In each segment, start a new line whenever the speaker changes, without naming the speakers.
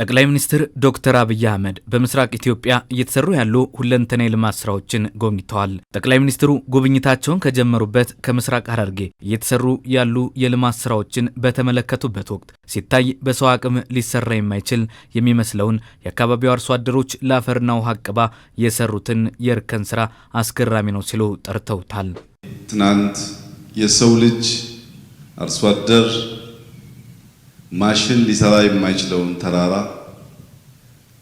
ጠቅላይ ሚኒስትር ዶክተር አብይ አህመድ በምስራቅ ኢትዮጵያ እየተሰሩ ያሉ ሁለንተና የልማት ስራዎችን ጎብኝተዋል። ጠቅላይ ሚኒስትሩ ጉብኝታቸውን ከጀመሩበት ከምስራቅ ሐረርጌ እየተሰሩ ያሉ የልማት ስራዎችን በተመለከቱበት ወቅት ሲታይ በሰው አቅም ሊሰራ የማይችል የሚመስለውን የአካባቢው አርሶ አደሮች ለአፈርና ውሃ አቅባ የሰሩትን የእርከን ስራ አስገራሚ ነው ሲሉ ጠርተውታል።
ትናንት የሰው ልጅ አርሶ አደር ማሽን ሊሰራ የማይችለውን ተራራ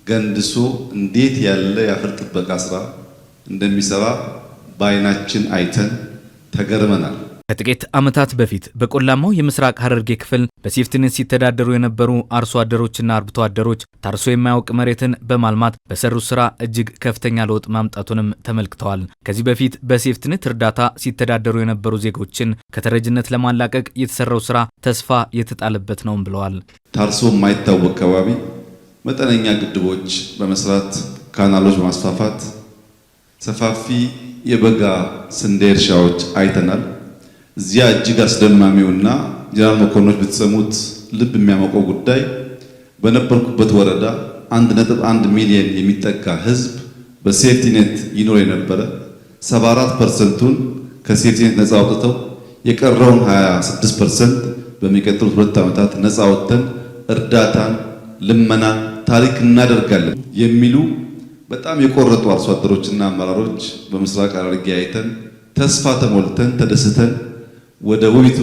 ገንድሶ እንዴት ያለ የአፈር ጥበቃ ስራ እንደሚሰራ በአይናችን አይተን ተገርመናል።
ከጥቂት ዓመታት በፊት በቆላማው የምስራቅ ሐረርጌ ክፍል በሴፍትነት ሲተዳደሩ የነበሩ አርሶ አደሮችና አርብቶ አደሮች ታርሶ የማያውቅ መሬትን በማልማት በሰሩት ስራ እጅግ ከፍተኛ ለውጥ ማምጣቱንም ተመልክተዋል። ከዚህ በፊት በሴፍትነት እርዳታ ሲተዳደሩ የነበሩ ዜጎችን ከተረጅነት ለማላቀቅ የተሰራው ስራ ተስፋ የተጣለበት ነውም ብለዋል።
ታርሶ የማይታወቅ አካባቢ መጠነኛ ግድቦች በመስራት ካናሎች በማስፋፋት ሰፋፊ የበጋ ስንዴ እርሻዎች አይተናል። እዚያ እጅግ አስደማሚውና ጀነራል መኮንኖች ብትሰሙት ልብ የሚያሞቀው ጉዳይ በነበርኩበት ወረዳ አንድ ነጥብ አንድ ሚሊየን የሚጠጋ ህዝብ በሴፍቲኔት ይኖር የነበረ 74 ፐርሰንቱን ከሴፍቲኔት ነፃ አውጥተው የቀረውን 26 ፐርሰንት በሚቀጥሉት ሁለት ዓመታት ነፃ ወጥተን እርዳታን፣ ልመናን ታሪክ እናደርጋለን የሚሉ በጣም የቆረጡ አርሶ አደሮችና አመራሮች በምስራቅ ሐረርጌ አይተን ተስፋ ተሞልተን ተደስተን ወደ ውቢቱ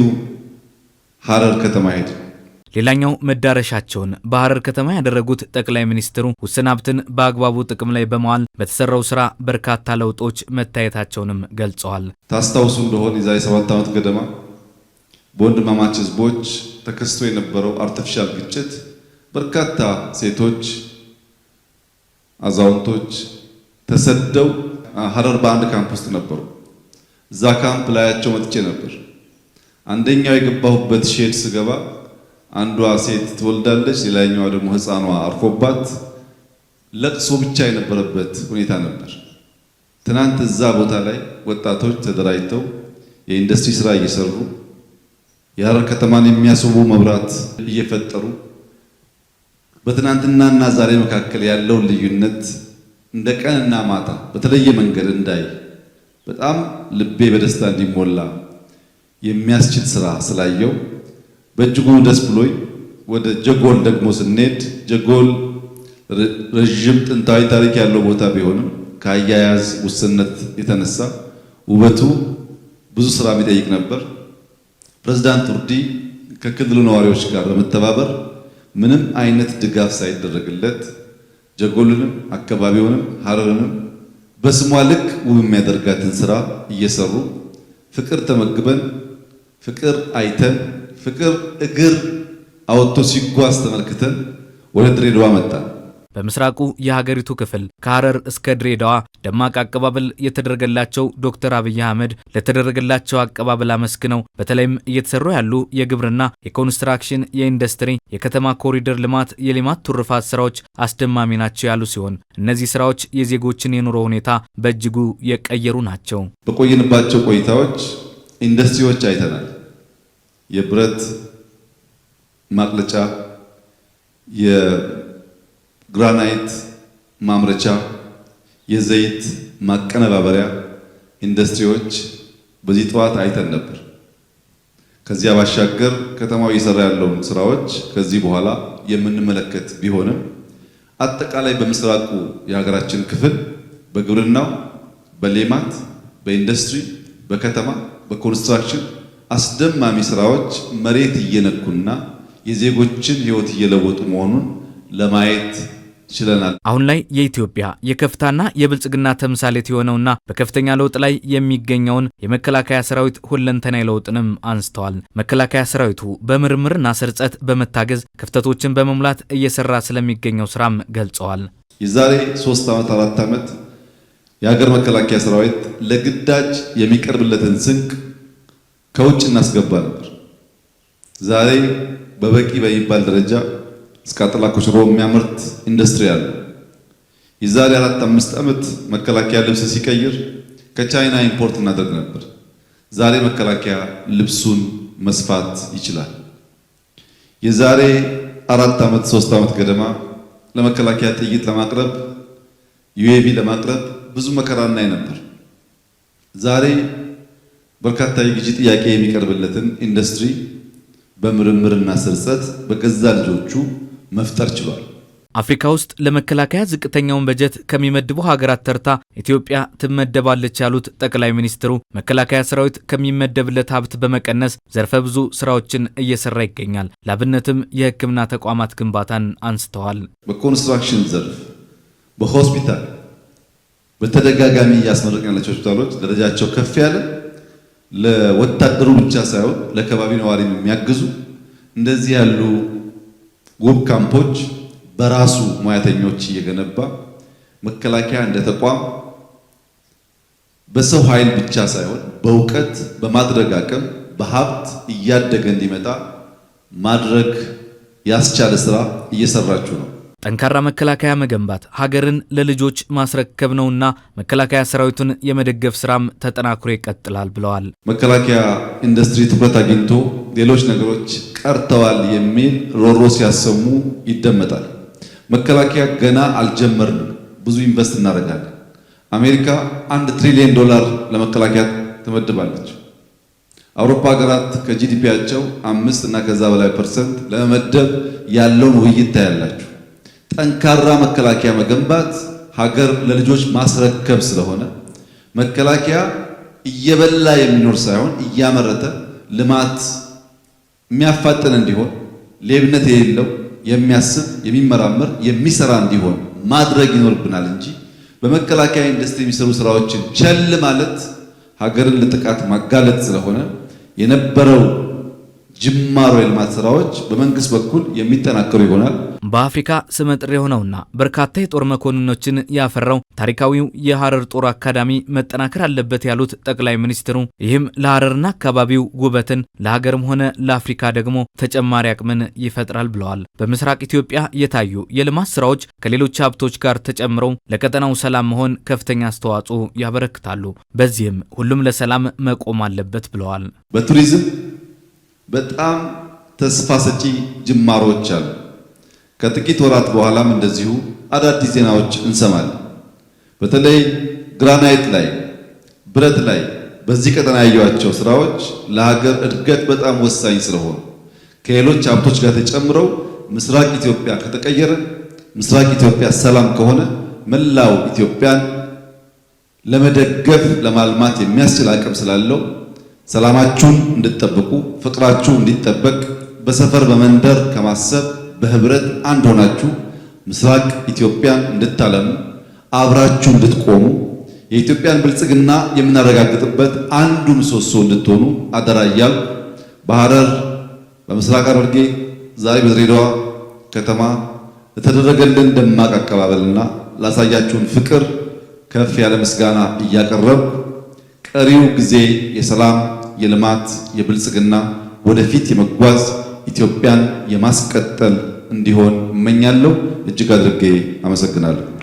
ሀረር ከተማ ሄዱ።
ሌላኛው መዳረሻቸውን በሐረር ከተማ ያደረጉት ጠቅላይ ሚኒስትሩ ውስን ሀብትን በአግባቡ ጥቅም ላይ በመዋል በተሰራው ስራ በርካታ ለውጦች መታየታቸውንም ገልጸዋል።
ታስታውሱ እንደሆን የዛሬ ሰባት ዓመት ገደማ በወንድማማች ህዝቦች ተከስቶ የነበረው አርቲፊሻል ግጭት በርካታ ሴቶች፣ አዛውንቶች ተሰደው ሀረር በአንድ ካምፕ ውስጥ ነበሩ። እዛ ካምፕ ላያቸው መጥቼ ነበር። አንደኛው የገባሁበት ሼድ ስገባ አንዷ ሴት ትወልዳለች፣ ሌላኛዋ ደግሞ ህፃኗ አርፎባት ለቅሶ ብቻ የነበረበት ሁኔታ ነበር። ትናንት እዛ ቦታ ላይ ወጣቶች ተደራጅተው የኢንዱስትሪ ስራ እየሰሩ የሐረር ከተማን የሚያስቡ መብራት እየፈጠሩ በትናንትናና ዛሬ መካከል ያለውን ልዩነት እንደ ቀንና ማታ በተለየ መንገድ እንዳይ በጣም ልቤ በደስታ እንዲሞላ የሚያስችል ስራ ስላየው በእጅጉ ደስ ብሎኝ ወደ ጀጎል ደግሞ ስንሄድ ጀጎል ረዥም ጥንታዊ ታሪክ ያለው ቦታ ቢሆንም ከአያያዝ ውስንነት የተነሳ ውበቱ ብዙ ስራ የሚጠይቅ ነበር። ፕሬዝዳንት ቱርዲ ከክልሉ ነዋሪዎች ጋር በመተባበር ምንም አይነት ድጋፍ ሳይደረግለት ጀጎልንም አካባቢውንም ሀረርንም በስሟ ልክ ውብ የሚያደርጋትን ስራ እየሰሩ ፍቅር ተመግበን ፍቅር አይተን ፍቅር እግር አወጥቶ ሲጓዝ ተመልክተን ወደ ድሬዳዋ መጣ
በምስራቁ የሀገሪቱ ክፍል ከሐረር እስከ ድሬዳዋ ደማቅ አቀባበል የተደረገላቸው ዶክተር አብይ አህመድ ለተደረገላቸው አቀባበል አመስግነው በተለይም እየተሰሩ ያሉ የግብርና፣ የኮንስትራክሽን፣ የኢንዱስትሪ፣ የከተማ ኮሪደር ልማት፣ የሊማት ትሩፋት ስራዎች አስደማሚ ናቸው ያሉ ሲሆን እነዚህ ስራዎች የዜጎችን የኑሮ ሁኔታ በእጅጉ የቀየሩ ናቸው።
በቆየንባቸው ቆይታዎች ኢንዱስትሪዎች አይተናል። የብረት ማቅለጫ፣ የግራናይት ማምረቻ፣ የዘይት ማቀነባበሪያ ኢንዱስትሪዎች በዚህ ጠዋት አይተን ነበር። ከዚያ ባሻገር ከተማው እየሰራ ያለውን ስራዎች ከዚህ በኋላ የምንመለከት ቢሆንም አጠቃላይ በምስራቁ የሀገራችን ክፍል በግብርናው፣ በሌማት፣ በኢንዱስትሪ፣ በከተማ በኮንስትራክሽን አስደማሚ ስራዎች መሬት እየነኩና የዜጎችን ህይወት እየለወጡ መሆኑን ለማየት ችለናል።
አሁን ላይ የኢትዮጵያ የከፍታና የብልጽግና ተምሳሌት የሆነውና በከፍተኛ ለውጥ ላይ የሚገኘውን የመከላከያ ሰራዊት ሁለንተናዊ ለውጥንም አንስተዋል። መከላከያ ሰራዊቱ በምርምርና ስርጸት በመታገዝ ክፍተቶችን በመሙላት እየሰራ ስለሚገኘው ስራም ገልጸዋል።
የዛሬ ሶስት ዓመት አራት ዓመት የሀገር መከላከያ ሰራዊት ለግዳጅ የሚቀርብለትን ስንቅ ከውጭ እናስገባ ነበር። ዛሬ በበቂ በሚባል ደረጃ እስከ አጥላ ኮሽሮ የሚያመርት ኢንዱስትሪ አለ። የዛሬ አራት አምስት ዓመት መከላከያ ልብስ ሲቀይር ከቻይና ኢምፖርት እናደርግ ነበር። ዛሬ መከላከያ ልብሱን መስፋት ይችላል። የዛሬ አራት ዓመት ሶስት ዓመት ገደማ ለመከላከያ ጥይት ለማቅረብ ዩኤቪ ለማቅረብ ብዙ መከራ እናይ ነበር። ዛሬ በርካታ የግዢ ጥያቄ የሚቀርብለትን ኢንዱስትሪ በምርምርና ስርጸት በገዛ ልጆቹ መፍጠር ችሏል።
አፍሪካ ውስጥ ለመከላከያ ዝቅተኛውን በጀት ከሚመድቡ ሀገራት ተርታ ኢትዮጵያ ትመደባለች ያሉት ጠቅላይ ሚኒስትሩ መከላከያ ሰራዊት ከሚመደብለት ሀብት በመቀነስ ዘርፈ ብዙ ስራዎችን እየሰራ ይገኛል። ላብነትም የሕክምና ተቋማት ግንባታን አንስተዋል።
በኮንስትራክሽን ዘርፍ፣ በሆስፒታል በተደጋጋሚ እያስመረቅን ያላቸው ሆስፒታሎች ደረጃቸው ከፍ ያለ ለወታደሩ ብቻ ሳይሆን ለከባቢ ነዋሪ የሚያግዙ እንደዚህ ያሉ ውብ ካምፖች በራሱ ሙያተኞች እየገነባ መከላከያ እንደ ተቋም በሰው ኃይል ብቻ ሳይሆን በእውቀት በማድረግ አቅም በሀብት እያደገ እንዲመጣ ማድረግ ያስቻለ ስራ እየሰራችሁ ነው።
ጠንካራ መከላከያ መገንባት፣ ሀገርን ለልጆች ማስረከብ ነውና መከላከያ ሰራዊቱን የመደገፍ ስራም ተጠናክሮ ይቀጥላል ብለዋል።
መከላከያ ኢንዱስትሪ ትኩረት አግኝቶ ሌሎች ነገሮች ቀርተዋል የሚል ሮሮ ሲያሰሙ ይደመጣል። መከላከያ ገና አልጀመርንም፣ ብዙ ኢንቨስት እናደርጋለን። አሜሪካ አንድ ትሪሊየን ዶላር ለመከላከያ ትመድባለች። አውሮፓ ሀገራት ከጂዲፒያቸው አምስት እና ከዛ በላይ ፐርሰንት ለመመደብ ያለውን ውይይት ታያላችሁ። ጠንካራ መከላከያ መገንባት ሀገር ለልጆች ማስረከብ ስለሆነ መከላከያ እየበላ የሚኖር ሳይሆን እያመረተ ልማት የሚያፋጥን እንዲሆን ሌብነት የሌለው የሚያስብ የሚመራመር የሚሰራ እንዲሆን ማድረግ ይኖርብናል እንጂ በመከላከያ ኢንዱስትሪ የሚሰሩ ስራዎችን ቸል ማለት ሀገርን ለጥቃት ማጋለጥ ስለሆነ የነበረው ጅማሮ የልማት ስራዎች በመንግስት በኩል የሚጠናከሩ ይሆናል።
በአፍሪካ ስመጥር የሆነውና በርካታ የጦር መኮንኖችን ያፈራው ታሪካዊው የሐረር ጦር አካዳሚ መጠናከር አለበት ያሉት ጠቅላይ ሚኒስትሩ ይህም ለሐረርና አካባቢው ውበትን ለሀገርም ሆነ ለአፍሪካ ደግሞ ተጨማሪ አቅምን ይፈጥራል ብለዋል። በምስራቅ ኢትዮጵያ የታዩ የልማት ስራዎች ከሌሎች ሀብቶች ጋር ተጨምረው ለቀጠናው ሰላም መሆን ከፍተኛ አስተዋጽኦ ያበረክታሉ። በዚህም ሁሉም ለሰላም መቆም አለበት ብለዋል።
በቱሪዝም በጣም ተስፋ ሰጪ ጅማሮች አሉ። ከጥቂት ወራት በኋላም እንደዚሁ አዳዲስ ዜናዎች እንሰማለን። በተለይ ግራናይት ላይ፣ ብረት ላይ በዚህ ቀጠና ያዩዋቸው ስራዎች ለሀገር እድገት በጣም ወሳኝ ስለሆኑ ከሌሎች ሀብቶች ጋር ተጨምረው ምስራቅ ኢትዮጵያ ከተቀየረ፣ ምስራቅ ኢትዮጵያ ሰላም ከሆነ መላው ኢትዮጵያን ለመደገፍ ለማልማት የሚያስችል አቅም ስላለው ሰላማችሁን እንድትጠብቁ ፍቅራችሁ እንዲጠበቅ በሰፈር በመንደር ከማሰብ በህብረት አንድ ሆናችሁ ምስራቅ ኢትዮጵያን እንድታለሙ አብራችሁ እንድትቆሙ የኢትዮጵያን ብልጽግና የምናረጋግጥበት አንዱ ምሰሶ እንድትሆኑ አደራ እያልኩ በሐረር በምስራቅ ሐረርጌ ዛሬ በድሬዳዋ ከተማ ለተደረገልን ደማቅ አቀባበልና ላሳያችሁን ፍቅር ከፍ ያለ ምስጋና እያቀረብ ቀሪው ጊዜ የሰላም የልማት የብልጽግና ወደፊት የመጓዝ ኢትዮጵያን የማስቀጠል እንዲሆን እመኛለሁ። እጅግ አድርጌ አመሰግናለሁ።